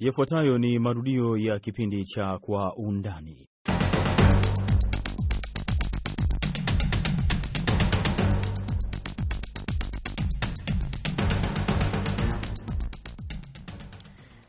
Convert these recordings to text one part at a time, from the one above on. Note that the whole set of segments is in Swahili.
Yafuatayo ni marudio ya kipindi cha Kwa Undani.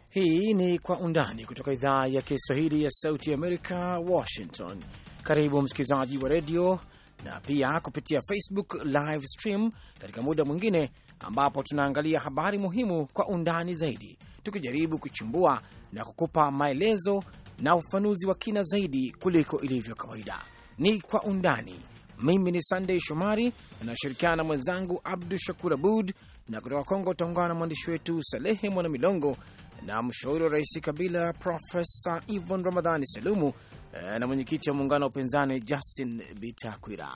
Hii ni Kwa Undani kutoka idhaa ya Kiswahili ya Sauti ya Amerika, Washington. Karibu msikilizaji wa redio na pia kupitia Facebook live stream katika muda mwingine ambapo tunaangalia habari muhimu kwa undani zaidi tukijaribu kuchimbua na kukupa maelezo na ufafanuzi wa kina zaidi kuliko ilivyo kawaida. Ni kwa undani. Mimi ni Sandey Shomari, nashirikiana na mwenzangu Abdu Shakur Abud, na kutoka Kongo utaungana na mwandishi wetu Salehe Mwanamilongo na mshauri wa rais Kabila Profesa Ivon Ramadhani Selumu eh, na mwenyekiti wa muungano wa upinzani Justin Bitakwira.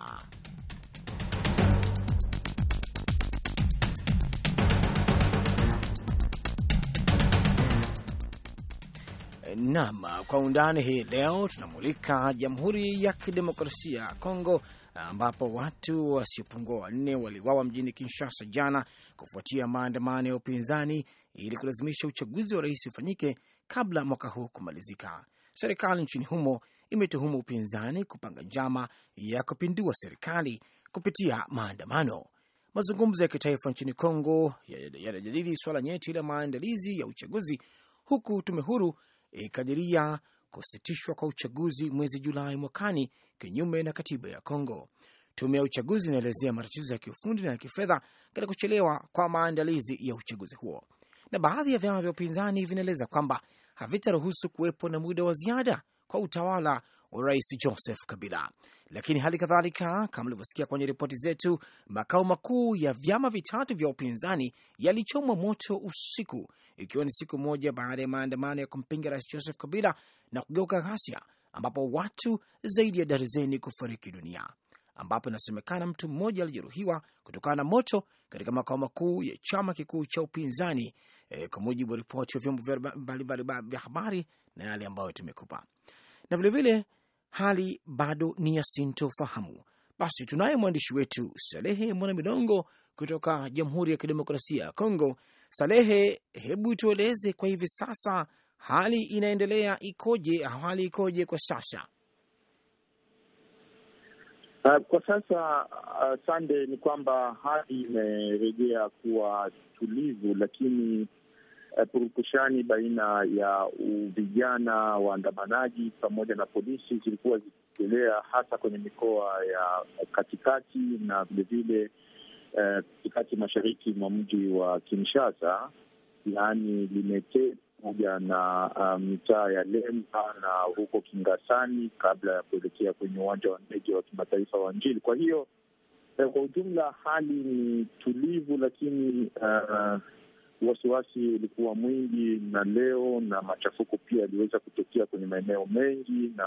nam kwa undani hii leo tunamulika Jamhuri ya Kidemokrasia ya Kongo ambapo watu wasiopungua wanne waliwawa mjini Kinshasa jana kufuatia maandamano ya upinzani ili kulazimisha uchaguzi wa rais ufanyike kabla mwaka huu kumalizika. Serikali nchini humo imetuhumu upinzani kupanga njama ya kupindua serikali kupitia maandamano. Mazungumzo ya kitaifa nchini Kongo yanajadili swala nyeti la maandalizi ya uchaguzi huku tume huru ikikadiria e, kusitishwa kwa uchaguzi mwezi Julai mwakani kinyume na katiba ya Kongo. Tume ya uchaguzi inaelezea matatizo ya kiufundi na ya kifedha katika kuchelewa kwa maandalizi ya uchaguzi huo, na baadhi ya vyama vya upinzani vinaeleza kwamba havitaruhusu kuwepo na muda wa ziada kwa utawala wa Rais Joseph Kabila. Lakini hali kadhalika, kama ulivyosikia kwenye ripoti zetu, makao makuu ya vyama vitatu vya upinzani yalichomwa moto usiku, ikiwa ni siku moja baada ya maandamano ya kumpinga Rais Joseph Kabila na kugeuka ghasia, ambapo watu zaidi ya darzeni kufariki dunia ambapo inasemekana mtu mmoja alijeruhiwa kutokana na moto katika makao makuu ya chama kikuu cha upinzani e, kwa mujibu wa ripoti ya vyombo mbalimbali vya habari na yale ambayo tumekupa na vilevile vile, hali bado ni ya sintofahamu. Basi tunaye mwandishi wetu Salehe Mwana Milongo kutoka Jamhuri ya Kidemokrasia ya Kongo. Salehe, hebu tueleze kwa hivi sasa hali inaendelea ikoje? Hali ikoje kwa sasa? Uh, kwa sasa uh, Sande, ni kwamba hali imerejea kuwa tulivu, lakini Eh, purukushani baina ya vijana waandamanaji pamoja na polisi zilikuwa zikiendelea hasa kwenye mikoa ya katikati na vilevile eh, katikati mashariki mwa mji wa Kinshasa, yaani Limete pamoja na mitaa ah, mitaa ya Lemba na huko Kingasani kabla ya kuelekea kwenye uwanja wa ndege wa kimataifa wa Njili. Kwa hiyo eh, kwa ujumla hali ni tulivu, lakini uh, wasiwasi ulikuwa mwingi na leo, na machafuko pia yaliweza kutokea kwenye maeneo mengi, na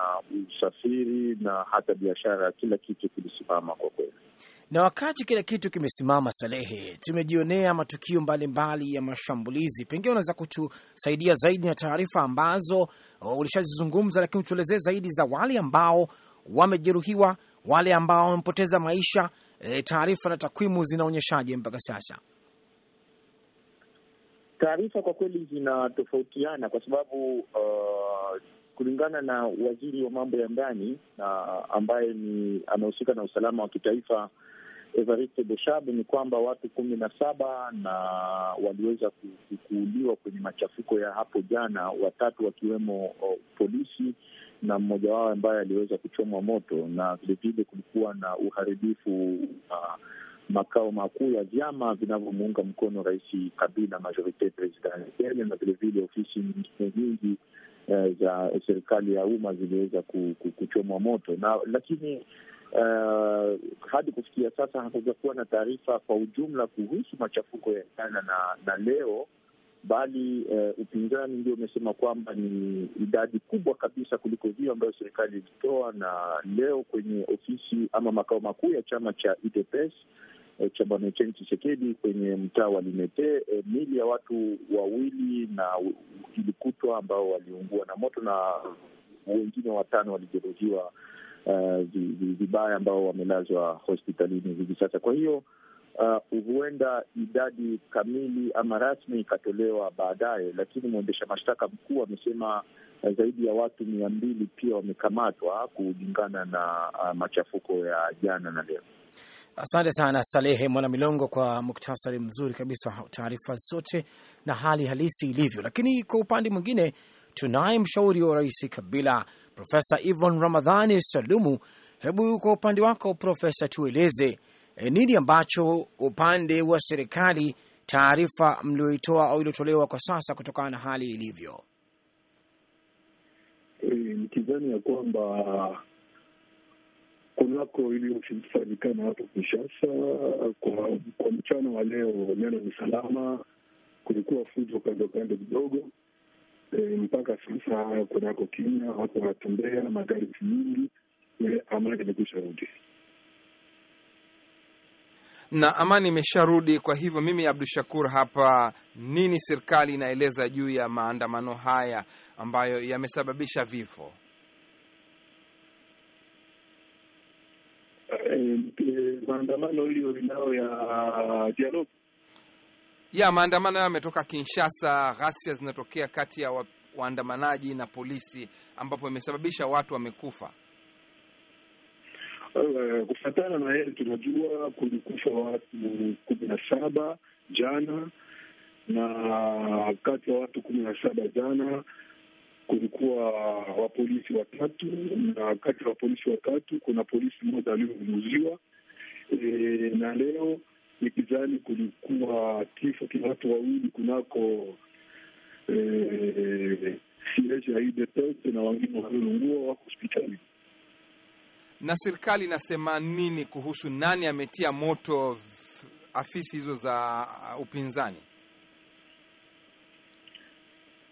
usafiri na hata biashara, kila kitu kilisimama kwa kweli. Na wakati kila kitu kimesimama, Salehe, tumejionea matukio mbalimbali mbali ya mashambulizi. Pengine unaweza kutusaidia zaidi na taarifa ambazo ulishazizungumza, lakini utuelezee zaidi za wale ambao wamejeruhiwa, wale ambao wamepoteza maisha. E, taarifa na takwimu zinaonyeshaje mpaka sasa? Taarifa kwa kweli zinatofautiana kwa sababu uh, kulingana na waziri wa mambo ya ndani uh, ambaye ni amehusika na usalama wa kitaifa Evariste Boshab ni kwamba watu kumi na saba na waliweza kuuliwa kwenye machafuko ya hapo jana, watatu wakiwemo uh, polisi na mmoja wao ambaye aliweza kuchomwa moto, na vilevile kulikuwa na uharibifu uh, makao makuu ya vyama vinavyomuunga mkono Rais Kabila, Majorite Presidentielle, na vilevile ofisi nyingine nyingi uh, za serikali ya umma ziliweza kuchomwa moto na lakini Uh, hadi kufikia sasa hakujakuwa na taarifa kwa ujumla kuhusu machafuko ya jana na, na leo, bali uh, upinzani ndio umesema kwamba ni idadi kubwa kabisa kuliko hiyo ambayo serikali ilitoa. Na leo kwenye ofisi ama makao makuu ya chama cha UDPS Eh, cha bwana Cheni Chisekedi kwenye mtaa wa Limete. E, mili ya watu wawili na ilikutwa ambao waliungua na moto na wengine watano walijeruhiwa eh, vibaya, uh, ambao wamelazwa hospitalini hivi sasa. Kwa hiyo uh, huenda idadi kamili ama rasmi ikatolewa baadaye, lakini mwendesha mashtaka mkuu amesema zaidi ya watu mia mbili pia wamekamatwa kulingana na uh, machafuko ya jana na leo. Asante sana Salehe Mwanamilongo kwa muktasari mzuri kabisa wa taarifa zote na hali halisi ilivyo. Lakini kwa upande mwingine, tunaye mshauri wa Rais Kabila Profesa Ivan Ramadhani Salumu. Hebu kwa upande wako Profesa, tueleze e, nini ambacho upande wa serikali taarifa mlioitoa au iliotolewa kwa sasa kutokana na hali ilivyo? E, ya kwamba kunako iliyofanikana hapo Kinshasa kwa, kwa mchana wa leo, neno ni salama. Kulikuwa fujo kando kando kidogo e, mpaka sasa kunako Kenya watu wanatembea magari nyingi e, amani imekwisha rudi na amani imesharudi. Kwa hivyo mimi Abdu Shakur hapa, nini serikali inaeleza juu ya maandamano haya ambayo yamesababisha vifo? maandamano hiyo linao ya uh, dialogue ya maandamano hayo yametoka Kinshasa. Ghasia zinatokea kati ya waandamanaji na polisi, ambapo imesababisha watu wamekufa. Uh, kufatana na yeye tunajua kulikufa watu kumi na saba jana, na kati ya watu kumi na saba jana kulikuwa wapolisi watatu, na kati ya wapolisi watatu kuna polisi mmoja aliyeumuziwa e, na leo nikizani kulikuwa kifo kia watu wawili kunako e, siege ya UDPS na wengine waliolungua wako hospitali. Na serikali inasema nini kuhusu nani ametia moto afisi hizo za upinzani?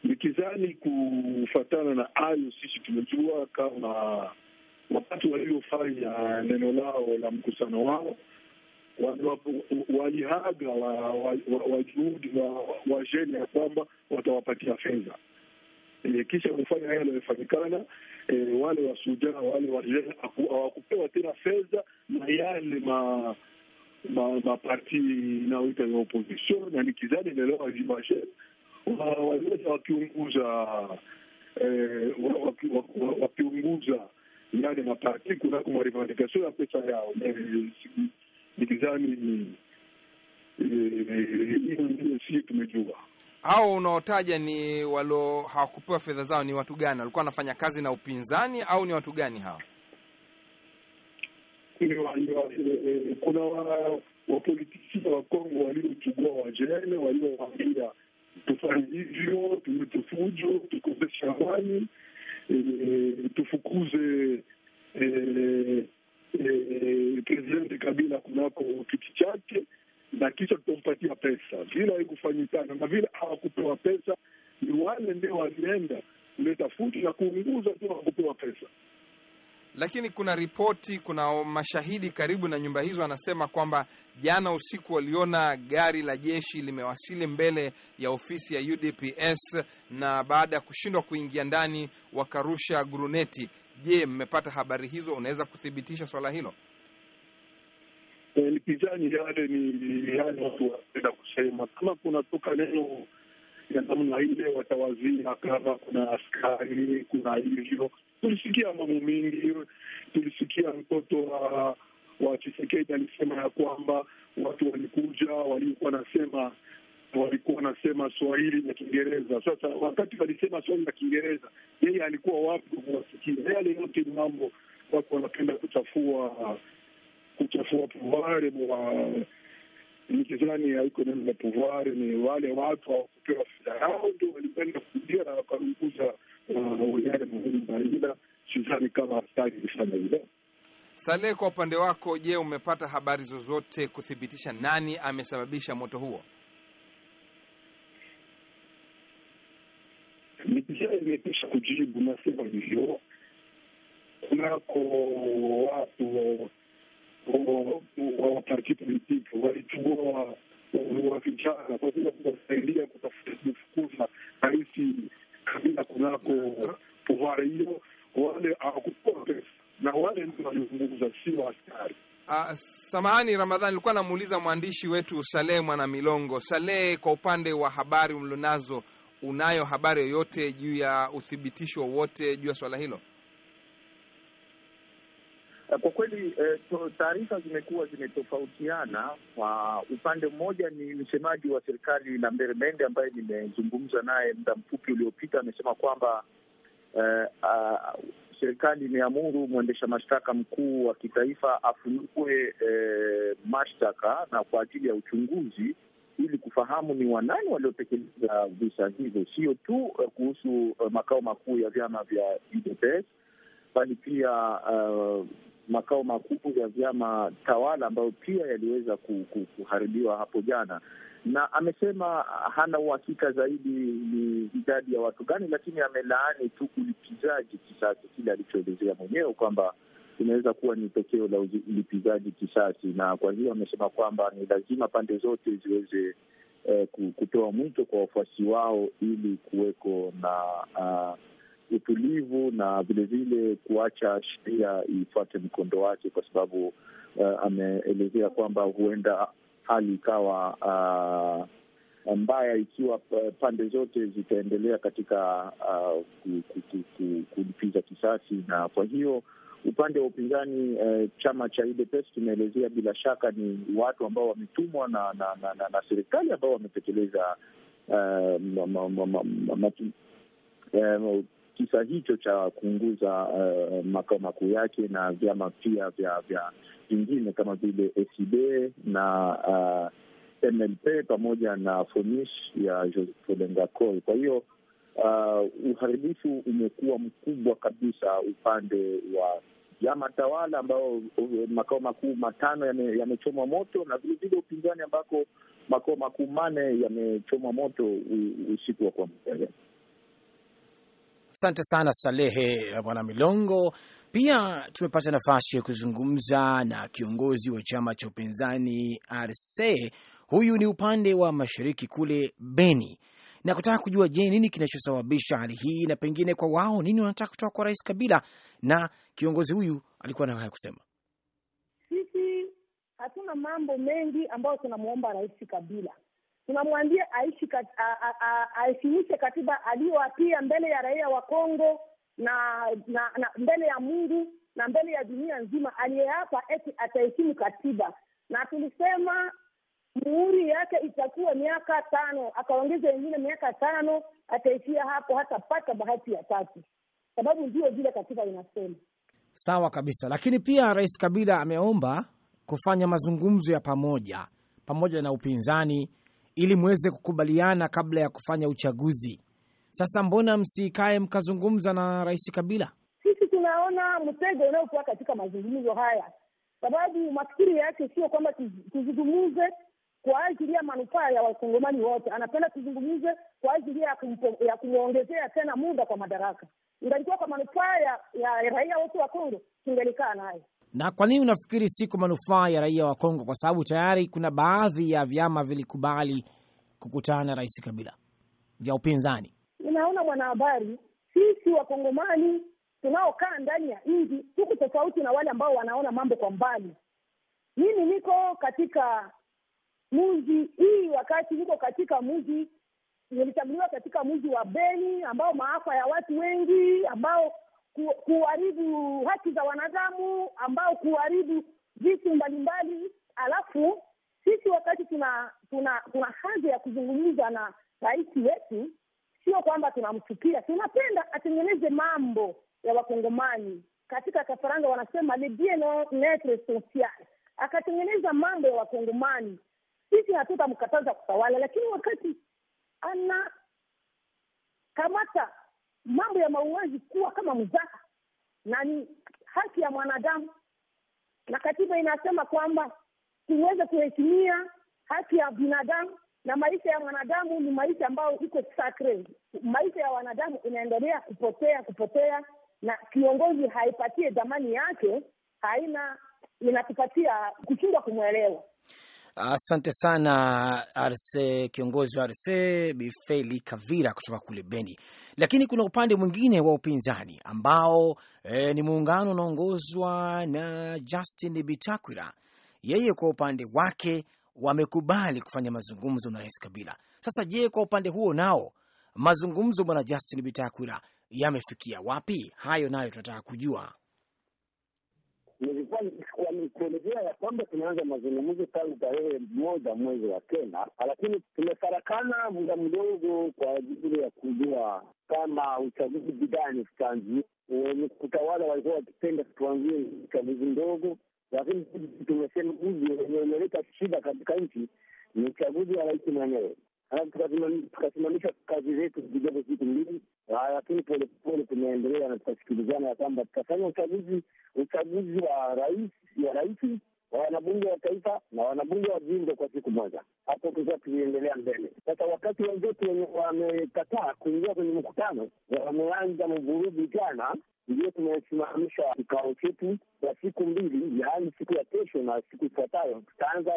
Nikizani kufatana na hayo, sisi tumejua kama wakati waliofanya neno lao la mkusano wao walihaga wajuhudi wa Jeni ya kwamba watawapatia fedha. E, kisha kufanya hayo yamefanyikana. E, wale wasujaa wale wajeni hawakupewa tena fedha na yale ma maparti inayoita ya opposition na kizani naelewa jimashe waliweza wakiunguza e, wakiunguza ndani ya maparti kunako marivandication ya pesa yao. Eh, nikizani eh, hiyo ndio tumejua hao unaotaja ni walo hawakupewa fedha zao ni watu gani? Walikuwa wanafanya kazi na upinzani au ni watu gani hawa Kuna wapolitisia eh, wa Kongo waliochugua wajene waliowaambia tufanye hivyo, tufujo, tukosesha amani Eh, tufukuze e, eh, eh, Presidenti Kabila kunako kiti chake na kisha tutampatia pesa. Vile haikufanyikana na vile hawakupewa pesa, ni wale ndio walienda kuleta futi na kuunguza tu hawakupewa pesa. Lakini kuna ripoti, kuna mashahidi karibu na nyumba hizo anasema kwamba jana usiku waliona gari la jeshi limewasili mbele ya ofisi ya UDPS na baada ya kushindwa kuingia ndani wakarusha gruneti. Je, mmepata habari hizo? Unaweza kuthibitisha swala hilo? Eh, ni kijani yale, ni yale watu wanapenda kusema kama kunatoka neno ya namna ile, watawazia kama kuna askari, kuna hivyo. Tulisikia mambo mengi, tulisikia mtoto wa wa Chisekedi alisema ya kwamba watu walikuja waliokuwa nasema walikuwa wanasema Swahili na Kiingereza. Sasa wakati walisema Swahili na Kiingereza, yeye alikuwa wapi kuwasikia? Yale yote ni mambo watu wanapenda kuchafua kuchafua puare wa nikizani haiko neno la pouvoir, ni wale watu hawakupewa fida yao ndio walikwenda kuingia na wakarunguza uh, yale muhimu maila. Sizani kama askari ilifanya hilo. Saleh, kwa upande wako, je, umepata habari zozote kuthibitisha nani amesababisha moto huo? Nikizani imepisha kujibu, nasema hivyo kunako watu wa parkipolitik walichukua wa vijana kwa ajili ya kuwasaidia kutafuta kumfukuza rais Kabila kunako pouvoir hiyo. Wale hawakutoa pesa na wale ndio walizungumza, sio askari. Ah, samahani Ramadhani, nilikuwa namuuliza mwandishi wetu Saleh Mwana Milongo. Saleh, kwa upande wa habari mlionazo, unayo habari yoyote juu ya uthibitisho wowote juu ya swala hilo? Eh, kwa kweli eh, taarifa zimekuwa zimetofautiana. Kwa upande mmoja, ni msemaji wa serikali Lambert Mende ambaye nimezungumza naye muda mfupi uliopita, amesema kwamba eh, uh, serikali imeamuru mwendesha mashtaka mkuu wa kitaifa afungue eh, mashtaka na kwa ajili ya uchunguzi ili kufahamu ni wanani waliotekeleza visa hivyo, sio tu eh, kuhusu eh, makao makuu ya vyama vya UDPS bali pia eh, makao makuu ya vyama tawala ambayo pia yaliweza kuharibiwa hapo jana, na amesema hana uhakika zaidi ni idadi ya watu gani, lakini amelaani tu ulipizaji kisasi, kile alichoelezea mwenyewe kwamba inaweza kuwa ni tokeo la ulipizaji kisasi, na kwa hiyo amesema kwamba ni lazima pande zote ziweze eh, kutoa mwito kwa wafuasi wao ili kuweko na uh, utulivu na vilevile kuacha sheria ifuate mkondo wake, kwa sababu uh, ameelezea kwamba huenda hali ikawa uh, mbaya ikiwa pande zote zitaendelea katika uh, kulipiza kisasi, na kwa hiyo upande wa upinzani eh, chama cha UDPS kimeelezea bila shaka ni watu ambao wametumwa na, na, na, na, na serikali ambao wametekeleza eh, kisa hicho cha kuunguza uh, makao makuu yake na vyama pia vya vya vingine kama vile SID e na uh, eh, MLP pamoja na FONISH ya Joseph Olenga Kwa hiyo uh, uharibifu umekuwa mkubwa kabisa upande wa vyama tawala ambao makao makuu matano yamechomwa yame moto na vilevile upinzani ambako makao makuu manne yamechomwa moto usiku wa kuamkia jana. Asante sana Salehe Bwana Milongo. Pia tumepata nafasi ya kuzungumza na kiongozi wa chama cha upinzani RC, huyu ni upande wa mashariki kule Beni, na kutaka kujua, je, nini kinachosababisha hali hii na pengine kwa wao nini wanataka kutoka kwa Rais Kabila. Na kiongozi huyu alikuwa nayo haya kusema: sisi hatuna mambo mengi ambayo tunamwomba Rais Kabila tunamwambia aishi kat, aheshimishe katiba aliyoapia mbele ya raia wa Kongo na, na, na mbele ya Mungu na mbele ya dunia nzima, aliyeapa eti ataheshimu katiba, na tulisema muhuri yake itakuwa miaka tano, akaongeza wengine miaka tano, ataishia hapo, hatapata bahati ya tatu, sababu ndio vile katiba inasema. Sawa kabisa, lakini pia Rais Kabila ameomba kufanya mazungumzo ya pamoja pamoja na upinzani ili mweze kukubaliana kabla ya kufanya uchaguzi. Sasa mbona msikae mkazungumza na Rais Kabila? Sisi tunaona mtego unaokuwa katika mazungumzo haya, sababu mafikiri yake sio kwamba tuzungumze kwa ajili ya manufaa ya wakongomani wote. Anapenda tuzungumze kwa ajili ya kumwongezea tena muda kwa madaraka. Ingalikuwa kwa manufaa ya, ya raia wote wa Kongo, tungelikaa naye na kwa nini unafikiri si kwa manufaa ya raia wa Kongo? Kwa sababu tayari kuna baadhi ya vyama vilikubali kukutana na Rais Kabila vya upinzani. Unaona mwanahabari, sisi wakongomani tunaokaa ndani ya nji tuko tofauti na wale ambao wanaona mambo kwa mbali. Mimi niko katika mji hii, wakati niko katika mji nilichaguliwa katika mji wa Beni ambao maafa ya watu wengi ambao ku, kuharibu haki za wanadamu ambao kuharibu vitu mbalimbali. Alafu sisi wakati tuna tuna tuna haja ya kuzungumza na rais wetu, sio kwamba tunamchukia, tunapenda atengeneze mambo ya Wakongomani. Katika Kafaranga wanasema le bien etre social, akatengeneza mambo ya Wakongomani. Sisi hatutamkataza kutawala, lakini wakati ana kamata mambo ya mauaji kuwa kama mzaka na ni haki ya mwanadamu, na katiba inasema kwamba tuweze kuheshimia haki ya binadamu na maisha ya mwanadamu ni maisha ambayo iko sakre Maisha ya wanadamu inaendelea kupotea kupotea, na kiongozi haipatie dhamani yake, haina inatupatia kushindwa kumwelewa. Asante sana RC, kiongozi wa RC Bifeli Kavira kutoka kule Beni. Lakini kuna upande mwingine wa upinzani ambao e, ni muungano unaongozwa na Justin Bitakwira. Yeye kwa upande wake wamekubali kufanya mazungumzo na Rais Kabila. Sasa je, kwa upande huo nao mazungumzo bwana Justin Bitakwira yamefikia wapi? Hayo nayo tunataka kujua kuelezea ya kwamba tunaanza mazungumzo tangu tarehe moja mwezi wa kenda, lakini tumefarakana muda mdogo kwa ajili ya kujua kama uchaguzi gani tutaanzia. Wenye kutawala walikuwa wakipenda tuanzie uchaguzi ndogo, lakini tumesema uzi wenye umeleta shida katika nchi ni uchaguzi wa rais mwenyewe tukasimamisha kazi zetu zijapo siku mbili, ah, lakini polepole tumeendelea na tukasikilizana ya kwamba tutafanya uchaguzi uchaguzi wa rais ya rais wa wanabunge wa taifa na wanabunge wa jimbo kwa siku moja. Hapo tulikuwa tuliendelea mbele. Sasa wakati wenzetu wenye wamekataa kuingia kwenye mkutano wameanza mvurugu jana, ndio tumesimamisha kikao chetu kwa siku mbili, yaani siku ya kesho na siku ifuatayo tutaanza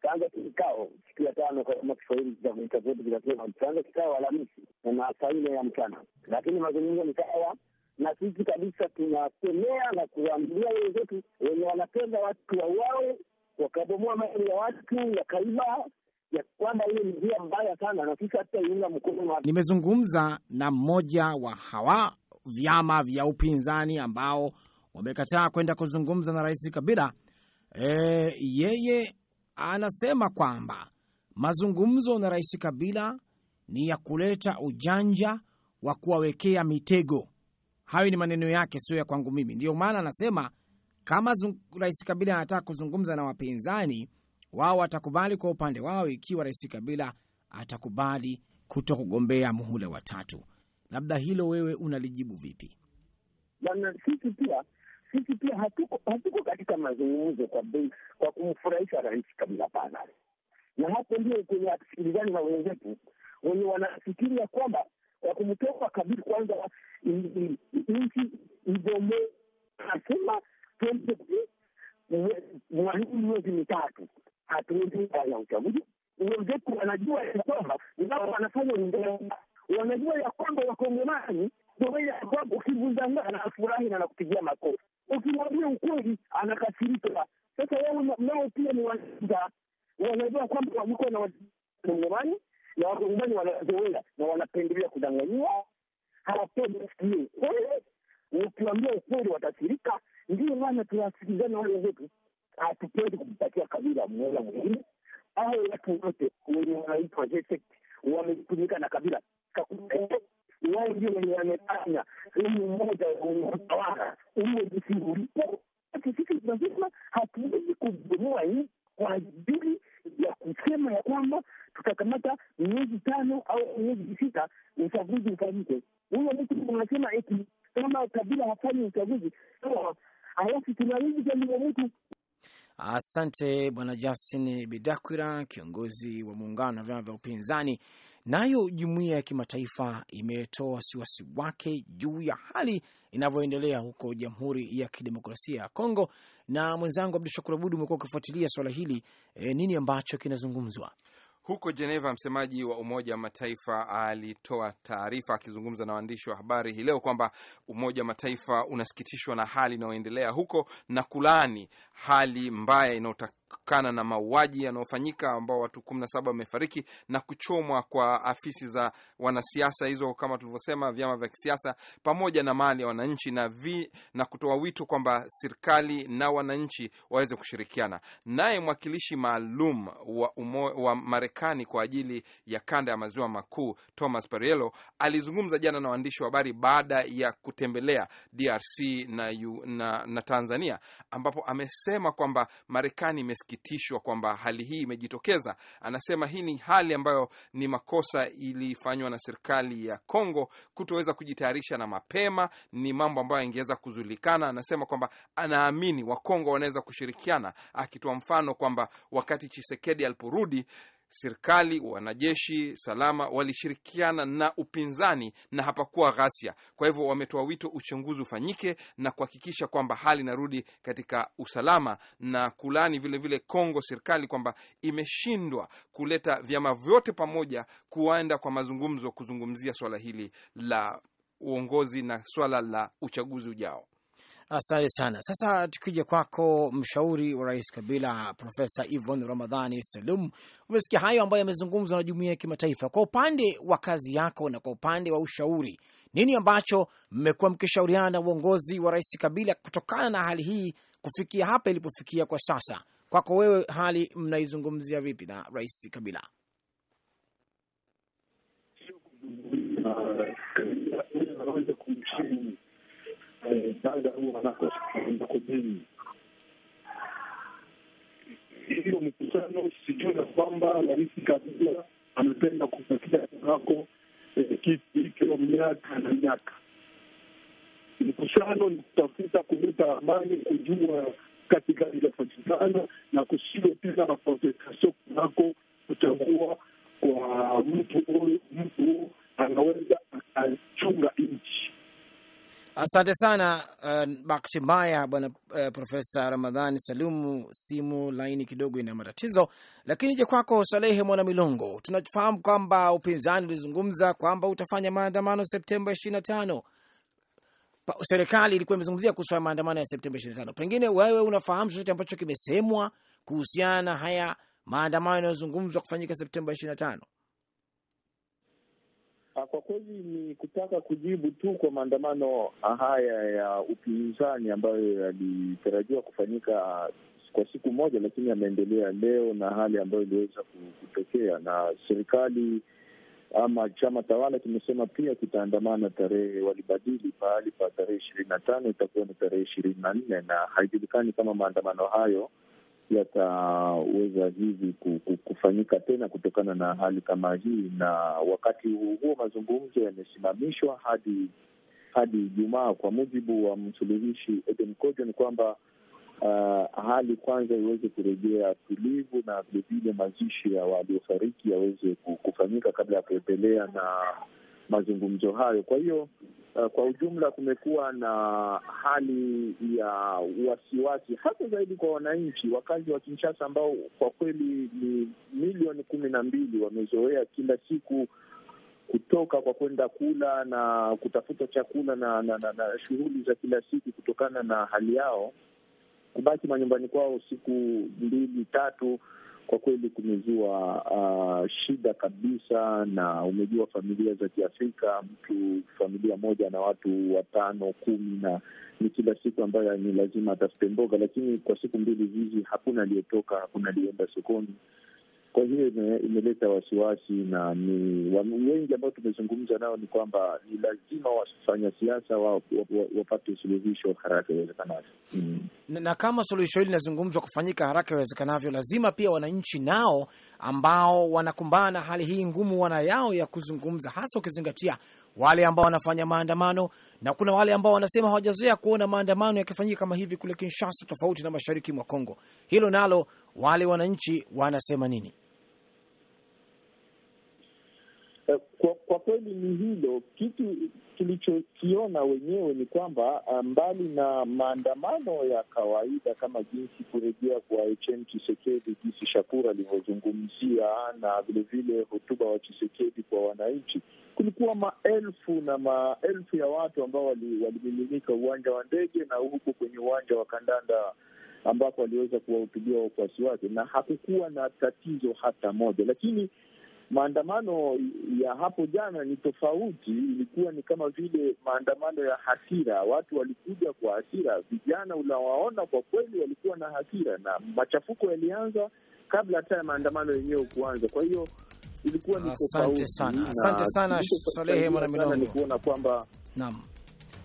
tukaanza kikao siku ya tano, kama Kiswahili vita vyetu vinasema, tukaanza kikao Alhamisi na saa nne ya mchana, lakini mazungumzo ni sawa na sisi kabisa tunasemea na kuwaambia wenzetu wenye wanapenda watu wauao wakabomoa mali ya watu wakaiba, ya kwamba hiyo ni njia mbaya sana, na sisi hatutaiunga mkono. Nimezungumza na mmoja wa hawa vyama vya upinzani ambao wamekataa kwenda kuzungumza na Rais Kabila. E, yeye anasema kwamba mazungumzo na Rais Kabila ni ya kuleta ujanja wa kuwawekea mitego. Hayo ni maneno yake, sio ya kwangu mimi. Ndiyo maana anasema kama Rais Kabila anataka kuzungumza na wapinzani wao, watakubali kwa upande wao, ikiwa Rais Kabila atakubali kuto kugombea muhula wa tatu. Labda hilo wewe unalijibu vipi? Bwana, sisi pia sisi pia hatuko hatuko katika mazungumzo kwa bei, kwa kumfurahisha rais Kabila. pana, Na hapo ndio kwenye hatusikilizani na wenzetu wenye wanafikiria kwamba kwa kumtoa Kabila kwanza nchi ibomee, anasema mwalimu miezi mitatu hatuwezi ya uchaguzi. Wenzetu wanajua ya kwamba nao wanafanya ndoa, wanajua ya kwamba wakongomani ndoa kwamba ukivuzana anafurahi na nakupigia makofi ukimwambia ukweli anakasirika. Sasa wao nao pia ni wajinga, wanajua kwamba walikuwa na wakongomani na wakongomani wanazoea na wanapendelea kudanganyiwa, hawapendi kusikia ukweli. Ukiwambia ukweli watasirika. Ndio maana tunasikizana wale wetu, hatupendi kumpatia kabila mmoja mwingine au watu wote wenye wanaitwa wamejitumika na kabila wao ndio wenye wamefanya huu umoja utawala uwejisi ulipo. Sisi tunasema hatuwezi kubomoa nchi kwa ajili ya kusema ya kwamba tutakamata miezi tano au miezi sita uchaguzi ufanyike. Huyo mtu unasema eti kama kabila hafanyi uchaguzi halafu tunarudi kwa mtu Asante Bwana Justin Bidakwira, kiongozi wa muungano wa vyama vya upinzani Nayo jumuiya ya kimataifa imetoa wasiwasi wake juu ya hali inavyoendelea huko Jamhuri ya Kidemokrasia ya Kongo. Na mwenzangu Abdu Shakur Abud, umekuwa ukifuatilia swala hili e, nini ambacho kinazungumzwa huko Geneva? Msemaji wa Umoja wa Mataifa alitoa taarifa akizungumza na waandishi wa habari hii leo kwamba Umoja wa Mataifa unasikitishwa na hali inayoendelea huko na kulaani hali mbaya kutokana na mauaji yanayofanyika ambao watu saba wamefariki na kuchomwa kwa afisi za wanasiasa hizo, kama tulivyosema, vyama vya kisiasa pamoja na mali ya wananchi na, vi, na kutoa wito kwamba serikali na wananchi waweze kushirikiana. Naye mwakilishi maalum wa, wa Marekani kwa ajili ya kanda ya maziwa makuu Thomas Perriello alizungumza jana na waandishi wa habari baada ya kutembelea DRC na, na, na Tanzania ambapo amesema kwamba Marekani amesikitishwa kwamba hali hii imejitokeza. Anasema hii ni hali ambayo ni makosa ilifanywa na serikali ya Kongo kutoweza kujitayarisha na mapema, ni mambo ambayo ingeweza kuzulikana. Anasema kwamba anaamini Wakongo wanaweza kushirikiana, akitoa mfano kwamba wakati Chisekedi aliporudi serikali, wanajeshi salama walishirikiana na upinzani na hapakuwa ghasia. Kwa hivyo wametoa wito uchunguzi ufanyike na kuhakikisha kwamba hali inarudi katika usalama, na kulani vilevile Kongo serikali kwamba imeshindwa kuleta vyama vyote pamoja kuenda kwa mazungumzo kuzungumzia swala hili la uongozi na swala la uchaguzi ujao. Asante sana. Sasa tukija kwako, mshauri wa rais Kabila Profesa Yvonne Ramadhani Salum, umesikia hayo ambayo yamezungumzwa na jumuia ya kimataifa. Kwa upande wa kazi yako na kwa upande wa ushauri, nini ambacho mmekuwa mkishauriana na uongozi wa rais Kabila kutokana na hali hii kufikia hapa ilipofikia kwa sasa? Kwako wewe, hali mnaizungumzia vipi na rais Kabila? Gaza Hiyo mkutano. sijui ya kwamba Rais Kabila amependa kupatia kunako eh, kiti hicho miaka na miaka. Mkutano ni kutafuta kuleta amani, kujua katika gani na kusiwe tena na konsentrasio kunako kuchagua kwa mtu huyu Asante sana uh, Bakti Mbaya bwana uh, Profesa Ramadhani Salumu. Simu laini kidogo ina matatizo, lakini je, kwako Salehe Mwana Milongo, tunafahamu kwamba upinzani ulizungumza kwamba utafanya maandamano Septemba ishirini na tano. Serikali ilikuwa imezungumzia kuhusu haya maandamano ya Septemba ishirini na tano. Pengine wewe unafahamu chochote ambacho kimesemwa kuhusiana na haya maandamano yanayozungumzwa kufanyika Septemba ishirini na tano? Ah, kwa kweli ni kutaka kujibu tu kwa maandamano haya ya upinzani ambayo yalitarajiwa kufanyika kwa siku moja, lakini yameendelea leo na hali ambayo iliweza kutokea, na serikali ama chama tawala kimesema pia kitaandamana tarehe, walibadili pahali pa tarehe ishirini na tano itakuwa ni tarehe ishirini na nne na haijulikani kama maandamano hayo yataweza hivi kufanyika tena kutokana na hali kama hii. Na wakati huo huo mazungumzo yamesimamishwa hadi hadi Ijumaa. Kwa mujibu wa msuluhishi Eden Kojo ni kwamba uh, hali kwanza iweze kurejea tulivu na vilevile mazishi ya waliofariki yaweze kufanyika kabla ya kuendelea na mazungumzo hayo. Kwa hiyo Eh, kwa ujumla kumekuwa na hali ya wasiwasi, hasa zaidi kwa wananchi wakazi wa Kinshasa ambao kwa kweli ni milioni kumi na mbili, wamezoea kila siku kutoka kwa kwenda kula na kutafuta chakula na, na, na, na shughuli za kila siku. Kutokana na hali yao kubaki manyumbani kwao siku mbili tatu kwa kweli kumezua uh, shida kabisa, na umejua familia za Kiafrika, mtu familia moja na watu watano kumi, na ni kila siku ambayo ni lazima atafute mboga, lakini kwa siku mbili hizi hakuna aliyetoka, hakuna aliyeenda sokoni kwa hiyo imeleta wasiwasi, na ni wengi ambao tumezungumza nao ni kwamba ni lazima wafanya siasa wa, wa, wa, wapate suluhisho haraka iwezekanavyo mm. Na, na kama suluhisho hili linazungumzwa kufanyika haraka iwezekanavyo, lazima pia wananchi nao ambao wanakumbana na hali hii ngumu wana yao ya kuzungumza, hasa ukizingatia wale ambao wanafanya maandamano na kuna wale ambao wanasema hawajazoea kuona maandamano yakifanyika kama hivi kule Kinshasa, tofauti na mashariki mwa Kongo. Hilo nalo wale wananchi wanasema nini? Eh, kwa, kwa kweli ni hilo kitu tulichokiona wenyewe ni kwamba eh, mbali na maandamano ya kawaida kama jinsi kurejea kwa HM Chisekedi, jinsi Shakura alivyozungumzia na vilevile hotuba wa Chisekedi kwa wananchi, kulikuwa maelfu na maelfu ya watu ambao walimiminika wali uwanja wa ndege na huko kwenye uwanja wa kandanda ambapo aliweza kuwahutubia wafuasi wake, na hakukuwa na tatizo hata moja, lakini maandamano ya hapo jana ni tofauti. Ilikuwa ni kama vile maandamano ya hasira, watu walikuja kwa hasira. Vijana unawaona kwa kweli walikuwa na hasira, na machafuko yalianza kabla hata ya maandamano yenyewe kuanza. Kwa hiyo ilikuwa ni tofauti. Asante sana, asante sana Salehe Mwanamilongo, ni kuona kwamba naam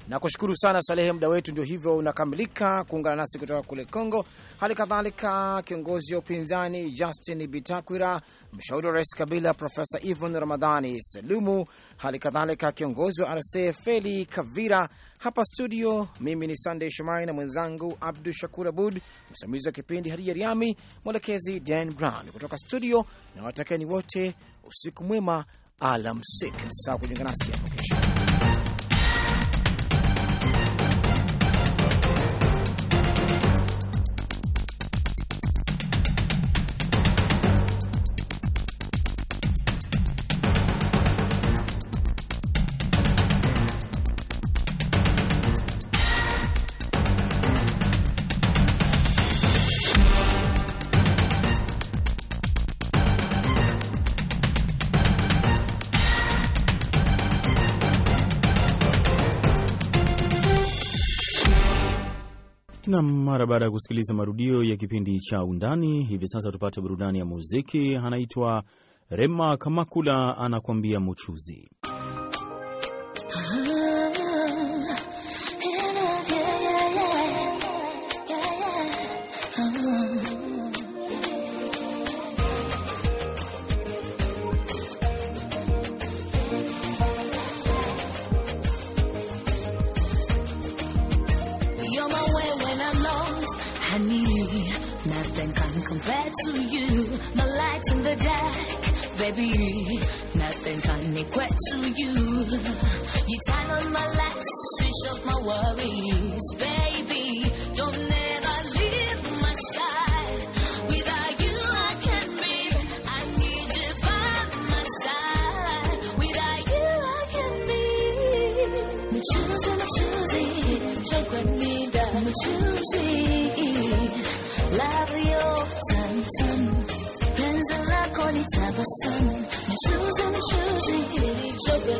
Nakushukuru sana Salehe, muda wetu ndio hivyo unakamilika. Kuungana nasi kutoka kule Congo. hali kadhalika kiongozi wa upinzani Justin Bitakwira, mshauri wa rais Kabila Profesa Ivan Ramadhani Selumu, hali kadhalika kiongozi wa RC Feli Kavira. Hapa studio, mimi ni Sandey Shomari na mwenzangu Abdu Shakur Abud, msimamizi wa kipindi Hadija Riami, mwelekezi Dan Brown kutoka studio, na watakeni wote usiku mwema, alamsik. Saa kujiunga nasi hapo kesho. Nam, mara baada ya kusikiliza marudio ya kipindi cha Undani, hivi sasa tupate burudani ya muziki. Anaitwa Rema Kamakula, anakuambia Muchuzi. compared to you. My lights in the dark, baby. Nothing can equate to you. You turn on my lights, switch off my worries, baby. Don't ever leave my side. Without you, I can't breathe. I need you by my side. Without you, I can't breathe. I'm choosing, I'm choosing. with me down, I'm choosing love your tum tum. Pens and lacony tapasum. The shoes and the shoes, the shoes,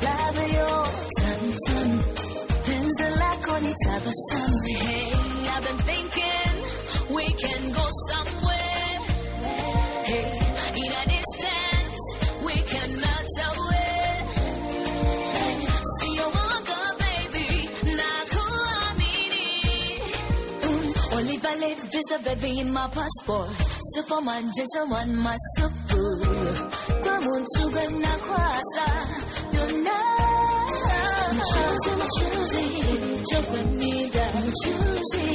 the love your tum tum. Pens and lacony tapasum. Hey, I've been thinking we can go somewhere. Pictures of every in my passport. Superman, gentleman, my super. Kwa munchuga na kwasa. Dona. Mchuzi, mchuzi. Chokwe mida. Mchuzi.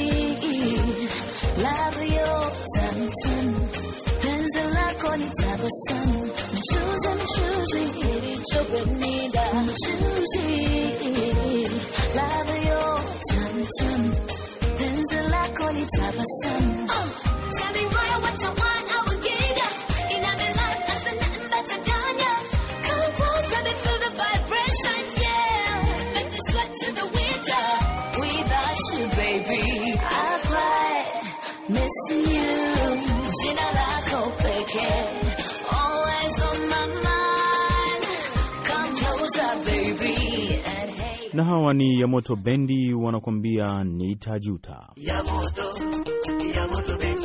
Choosing, choosing, Penzi lako ni tabasamu. Mchuzi, mchuzi. Chokwe mida. Mchuzi. Labio, tantan. Tell me why what you want, I will give ya Inamin lahat, nasa naan ba taganya Come close, let me feel the vibration, yeah Let me sweat to the winter Without you, baby I cry, missing you Jinala ko na hawa ni Yamoto Bendi wanakuambia nitajuta. Bendi.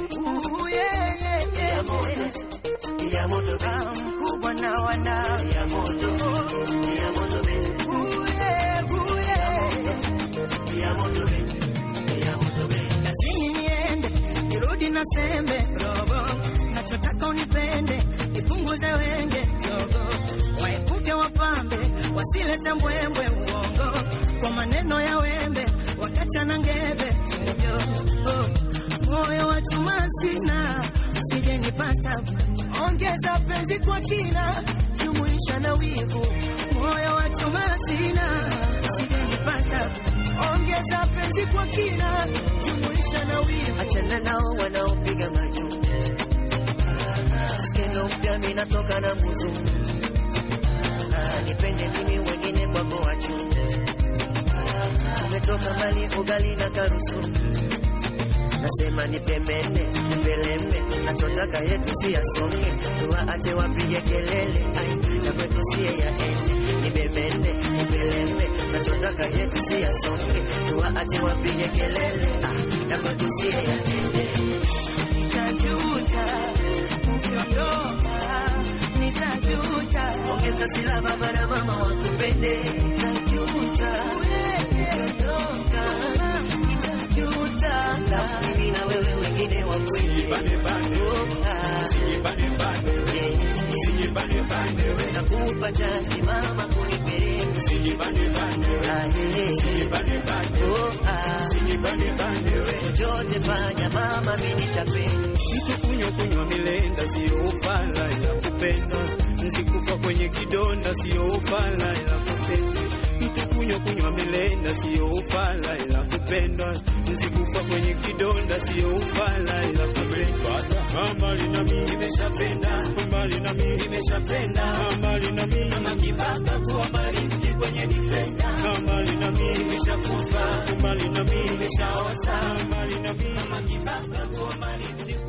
niende, na sembe robo, nachotaka unipende, nipunguze wenge jogo, waepuke wapambe, mbwembwe uongo kwa maneno ya wembe wakati ngebe oh, moyo wa chuma sina, sije nipata. Ongeza penzi kwa kina, jumuisha na wivu. Moyo wa chuma sina, usije nipata. Ongeza penzi kwa kina, jumuisha na wivu. Achana nao wanaopiga macho, skendo mpya minatoka na mbuzu, ah, nipende mimi wengine kwako wachu nimetoka mali ugali na karusu, nasema ni pemene pelembe, nachotaka yetu si tuwa ache wapige kelele, ai na kwetu si ya ene ni pemene pelembe, nachotaka yetu si tuwa ache wapige kelele, ai ah, na kwetu si ya ene nitajuta ukiondoka nitajuta, ongeza silaba, maana mama wakupende, nitajuta Nakupa chansi mama, kunipeleka chochote fanya mama, mimi chape kunywa kunywa milenda, sio upala ila kupenda, nzikufa kwenye kidonda, sio upala ila kunywa kunywa milele sio ufala, ila kupendwa. Nisikufa kwenye kidonda, sio ufala, ila kupendwa. Mama lina mimi nimeshapenda, mama lina mimi nimeshapenda, mama lina mimi kama kibaka kwa mali kwenye defender, mama lina mimi nimeshakufa, mama lina mimi nimeshaoza, mama lina mimi kama kibaka kwa mali